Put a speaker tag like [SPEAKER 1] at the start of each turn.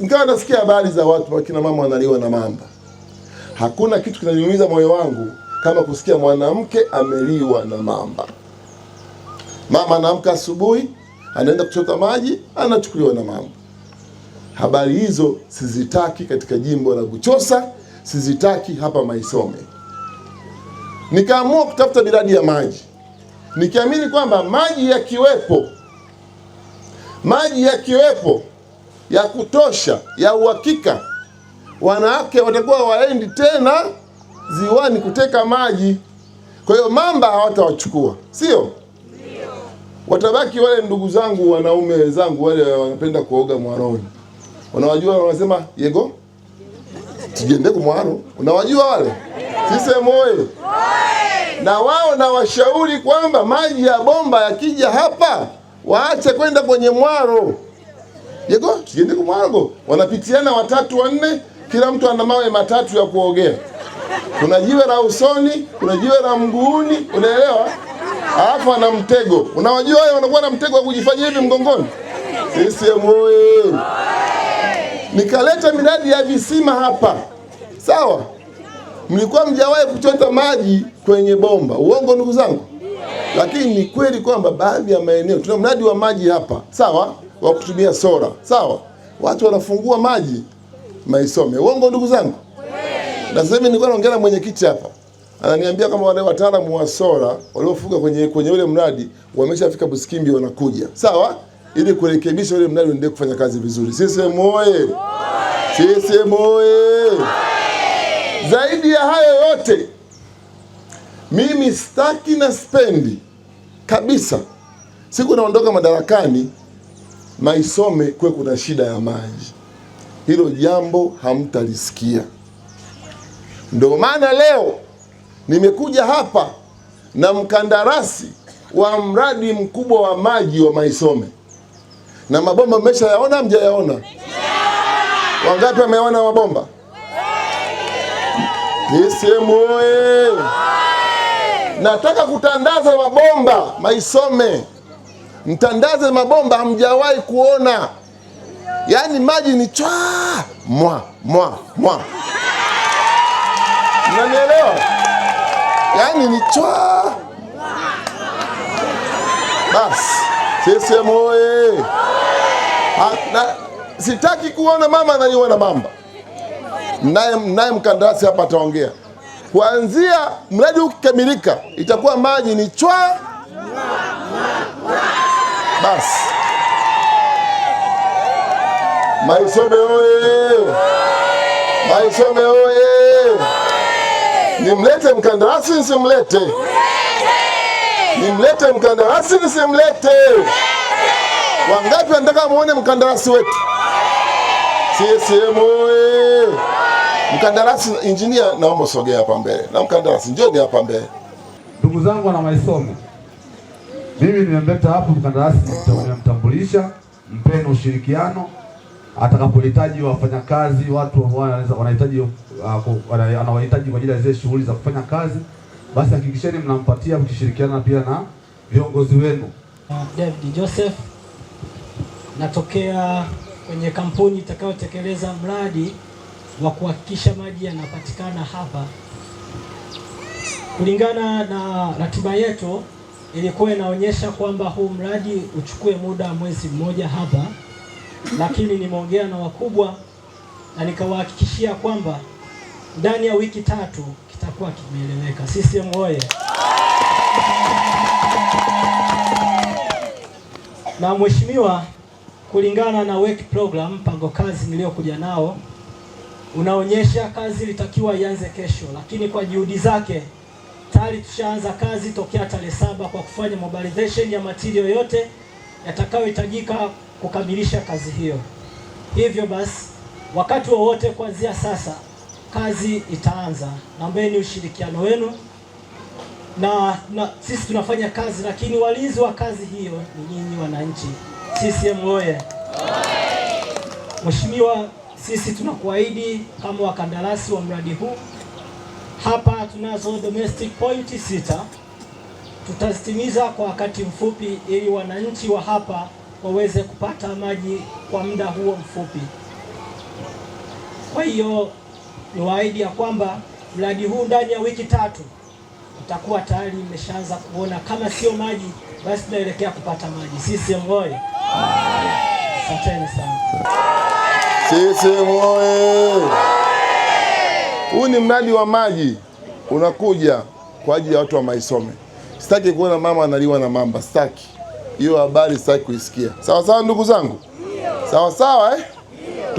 [SPEAKER 1] nikawa nasikia habari za watu wakina mama wanaliwa na mamba. Hakuna kitu kinaniumiza moyo wangu kama kusikia mwanamke ameliwa na mamba. Mama anaamka asubuhi, anaenda kuchota maji, anachukuliwa na mamba. Habari hizo sizitaki katika jimbo la Buchosa, sizitaki hapa Maisome. Nikaamua kutafuta miradi ya maji, nikiamini kwamba maji yakiwepo, maji yakiwepo ya kutosha ya uhakika, wanawake watakuwa waendi tena ziwani kuteka maji. Kwa hiyo mamba hawatawachukua, sio? Watabaki wale ndugu zangu wanaume wenzangu wale wanapenda kuoga mwaroni, unawajua, wanasema yego tujende kumwaro, unawajua wale sisemu oye, na wao na washauri kwamba maji ya bomba yakija hapa waache kwenda kwenye mwaro tujende kwa kumwago. Wanapitiana watatu wanne, kila mtu ana mawe matatu ya kuogea. Kuna jiwe la usoni, kuna jiwe la mguuni, unaelewa? Alafu ana mtego. Unawajua wao wanakuwa na mtego wa kujifanya hivi mgongoni? Sisi moyo. Nikaleta miradi ya visima hapa. Sawa? Mlikuwa mjawahi kuchota maji kwenye bomba. Uongo ndugu zangu? Lakini ni kweli kwamba baadhi ya maeneo tuna mradi wa maji hapa. Sawa? wa kutumia sola. Sawa, watu wanafungua maji maisome. Uongo ndugu zangu? Na sasa hivi nilikuwa naongea na mwenyekiti hapa, ananiambia kama wale wataalamu wa sola waliofuga kwenye kwenye ule mradi wameshafika Busikimbi, wanakuja sawa, ili kurekebisha ule mradi uendelee kufanya kazi vizuri. Sisi moye, sisi moye. Zaidi ya hayo yote, mimi staki na spendi kabisa, siku naondoka madarakani Maisome kwe kuna shida ya maji, hilo jambo hamtalisikia. Ndio maana leo nimekuja hapa na mkandarasi wa mradi mkubwa wa maji wa Maisome, na mabomba mmeshayaona, mjayaona? Wangapi wameona mabomba? sehemu oye! Nataka kutandaza mabomba Maisome mtandaze mabomba hamjawahi kuona, yaani maji ni chwa mwa mwa mwa, unanielewa? Yaani ni chwa basi. CCM oye! Sitaki kuona mama na mamba. Naye naye mkandarasi hapa ataongea kuanzia mradi ukikamilika, itakuwa maji ni chwa basi Maisome oye! Maisome oye! Nimlete mkandarasi nisimlete? Nimlete mkandarasi nisimlete? Wangapi wanataka muone mkandarasi wetu? CCM oye! Mkandarasi injinia, naomba usogee hapa mbele, na mkandarasi njoni hapa mbele. Ndugu zangu na Maisome mimi nimemleta hapo mkandarasi, nimemtambulisha, mpeno ushirikiano atakapohitaji wafanyakazi, watu ambao wanahitaji uh, anawahitaji kwa ajili ya zile shughuli za kufanya kazi, basi hakikisheni mnampatia mkishirikiana pia na viongozi wenu.
[SPEAKER 2] Uh, David Joseph, natokea kwenye kampuni itakayotekeleza mradi wa kuhakikisha maji yanapatikana hapa kulingana na ratiba yetu ilikuwa inaonyesha kwamba huu mradi uchukue muda mwezi mmoja hapa, lakini nimeongea na wakubwa na nikawahakikishia kwamba ndani ya wiki tatu kitakuwa kimeeleweka. CCM oye! Na mheshimiwa, kulingana na work program, mpango kazi niliyokuja nao unaonyesha kazi ilitakiwa ianze kesho, lakini kwa juhudi zake tayari tushaanza kazi tokea tarehe saba kwa kufanya mobilization ya material yote yatakayohitajika kukamilisha kazi hiyo. Hivyo basi, wakati wowote kuanzia sasa kazi itaanza. Naombeni ushirikiano wenu na, na sisi tunafanya kazi, lakini walinzi wa kazi hiyo ni nyinyi wananchi. CCM oye! Mheshimiwa, sisi tunakuahidi kama wakandarasi wa mradi huu hapa tunazo domestic point sita, tutazitimiza kwa wakati mfupi ili wananchi wa hapa waweze kupata maji kwa muda huo mfupi. Kwa hiyo ni waahidi ya kwamba mradi huu ndani ya wiki tatu utakuwa tayari mmeshaanza kuona, kama sio maji basi tunaelekea kupata maji. Sisi oye! Asanteni sana.
[SPEAKER 1] oye! Huu ni mradi wa maji unakuja kwa ajili ya watu wa Maisome. Sitaki kuona mama analiwa na mamba, sitaki hiyo habari, sitaki kuisikia. Sawa sawa, ndugu zangu, sawa sawa eh?